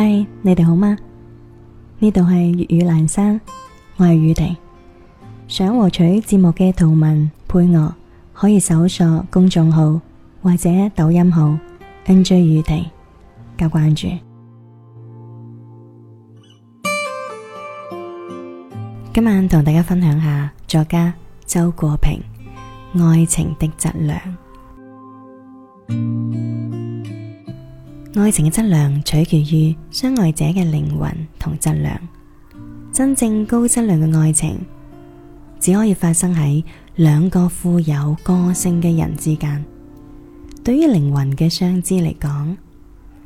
嗨，你哋好嗎？呢度係粵語蘭山，我係宇婷。想獲取節目嘅圖文配樂，可以搜索公眾號或者抖音號 NJ 宇婷加關注。今晚同大家分享下作家周國平《愛情的質量》。愛情嘅質量取決於相愛者嘅靈魂同質量。真正高質量嘅愛情，只可以發生喺兩個富有個性嘅人之間。對於靈魂嘅相知嚟講，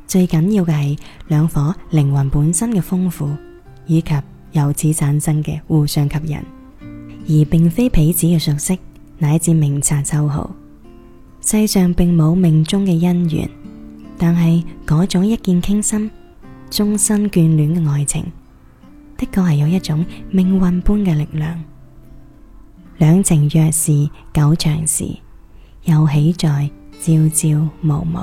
最緊要嘅係兩顆靈魂本身嘅豐富，以及由此產生嘅互相吸引，而並非彼此嘅熟悉乃至明察秋毫。世上並冇命中嘅姻緣。但係嗰種一見傾心、終身眷戀嘅愛情，的確係有一種命運般嘅力量。兩情若是久長時，又豈在朝朝暮暮？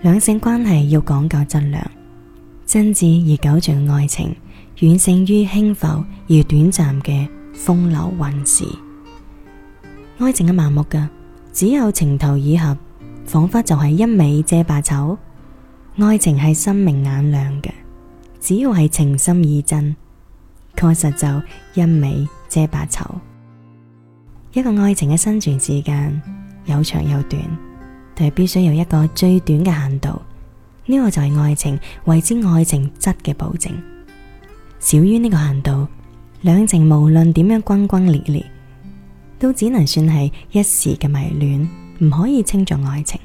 兩 性關係要講究質量，真摯而久長嘅愛情，遠勝於輕浮而短暫嘅風流韻事。愛情係盲目㗎。只有情投意合，仿彿就係一美遮百醜。愛情係心明眼亮嘅，只要係情深意真，確實就一美遮百醜。一個愛情嘅生存時間有長有短，但係必須有一個最短嘅限度，呢個就係愛情為之愛情質嘅保證。小於呢個限度，兩情無論點樣轟轟烈烈，都只能算係一時嘅迷戀，唔可以稱作愛情。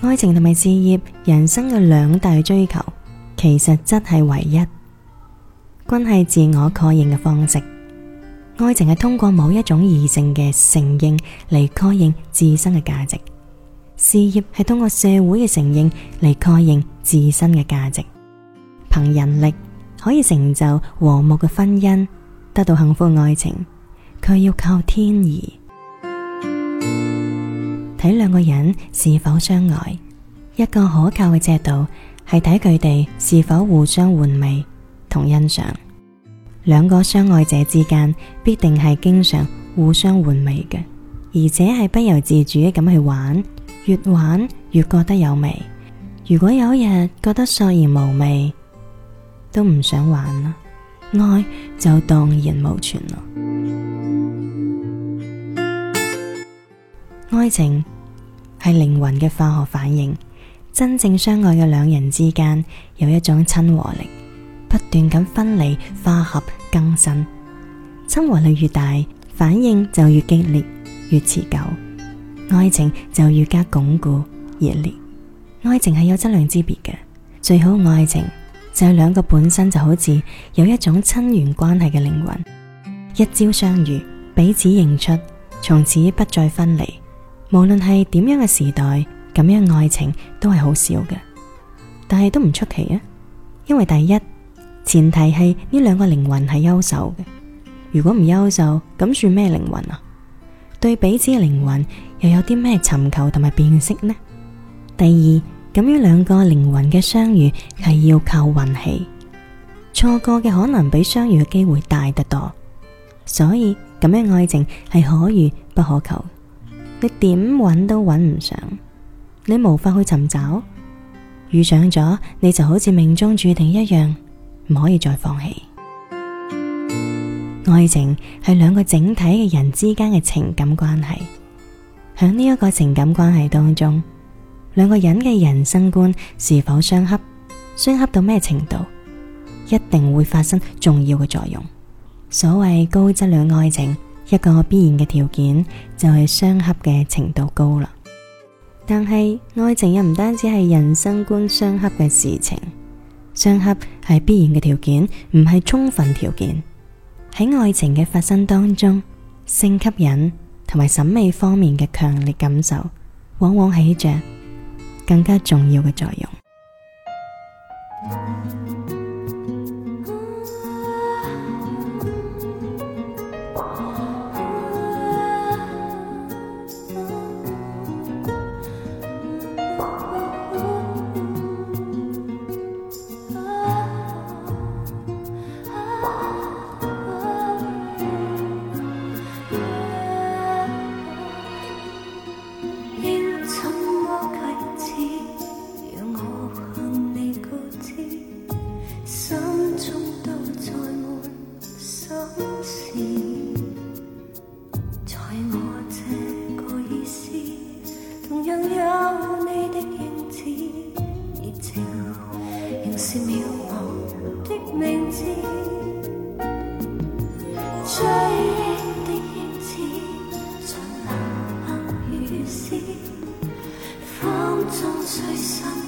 愛情同埋事業，人生嘅兩大追求，其實則係唯一，均係自我確認嘅方式。愛情係通過某一種異性嘅承認嚟確認自身嘅價值，事業係通過社會嘅承認嚟確認自身嘅價值。憑人力可以成就和睦嘅婚姻，得到幸福嘅愛情。佢要靠天意。睇兩個人是否相愛，一個可靠嘅尺度係睇佢哋是否互相玩味同欣賞。兩個相愛者之間必定係經常互相玩味嘅，而且係不由自主咁去玩，越玩越覺得有味。如果有一日覺得索然無味，都唔想玩啦，愛就蕩然無存啦。愛情係靈魂嘅化學反應，真正相愛嘅兩人之間有一種親和力，不斷咁分解、化合、更新。親和力越大，反應就越激烈、越持久，愛情就越加鞏固熱烈。愛情係有質量之別嘅，最好愛情就係兩個本身就好似有一種親緣關係嘅靈魂，一朝相遇，彼此認出，從此不再分離。無論係點樣嘅時代，咁樣愛情都係好少嘅，但係都唔出奇啊！因為第一，前提係呢兩個靈魂係優秀嘅，如果唔優秀，咁算咩靈魂啊？對彼此嘅靈魂又有啲咩尋求同埋辨識呢？第二，咁樣兩個靈魂嘅相遇係要靠運氣，錯過嘅可能比相遇嘅機會大得多，所以咁樣愛情係可遇不可求。你點揾都揾唔上，你無法去尋找，遇上咗你就好似命中注定一樣，唔可以再放棄。愛情係兩個整體嘅人之間嘅情感關係，響呢一個情感關係當中，兩個人嘅人生觀是否相合，相合到咩程度，一定會發生重要嘅作用。所謂高質量愛情。一個必然嘅條件就係相合嘅程度高啦。但係愛情又唔單止係人生觀相合嘅事情，相合係必然嘅條件，唔係充分條件。喺愛情嘅發生當中，性吸引同埋審美方面嘅強烈感受，往往起着更加重要嘅作用。在我這個意思，同樣有你的影子，熱情仍是渺茫的名字，追憶 的影子 像冷冷雨絲，風中吹散。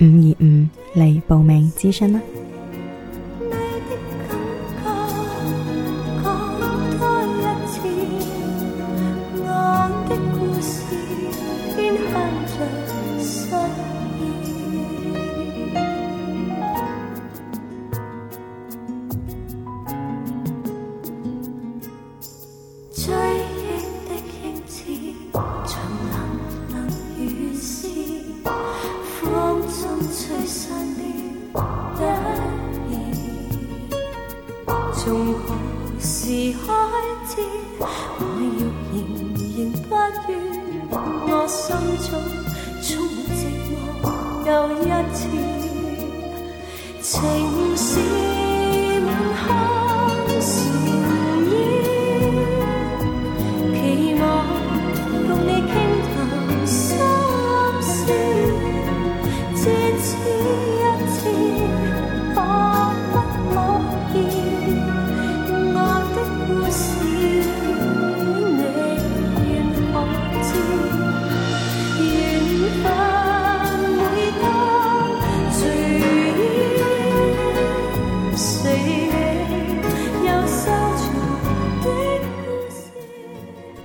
五二五嚟報名諮詢啦！我心中充滿寂寞，又一次情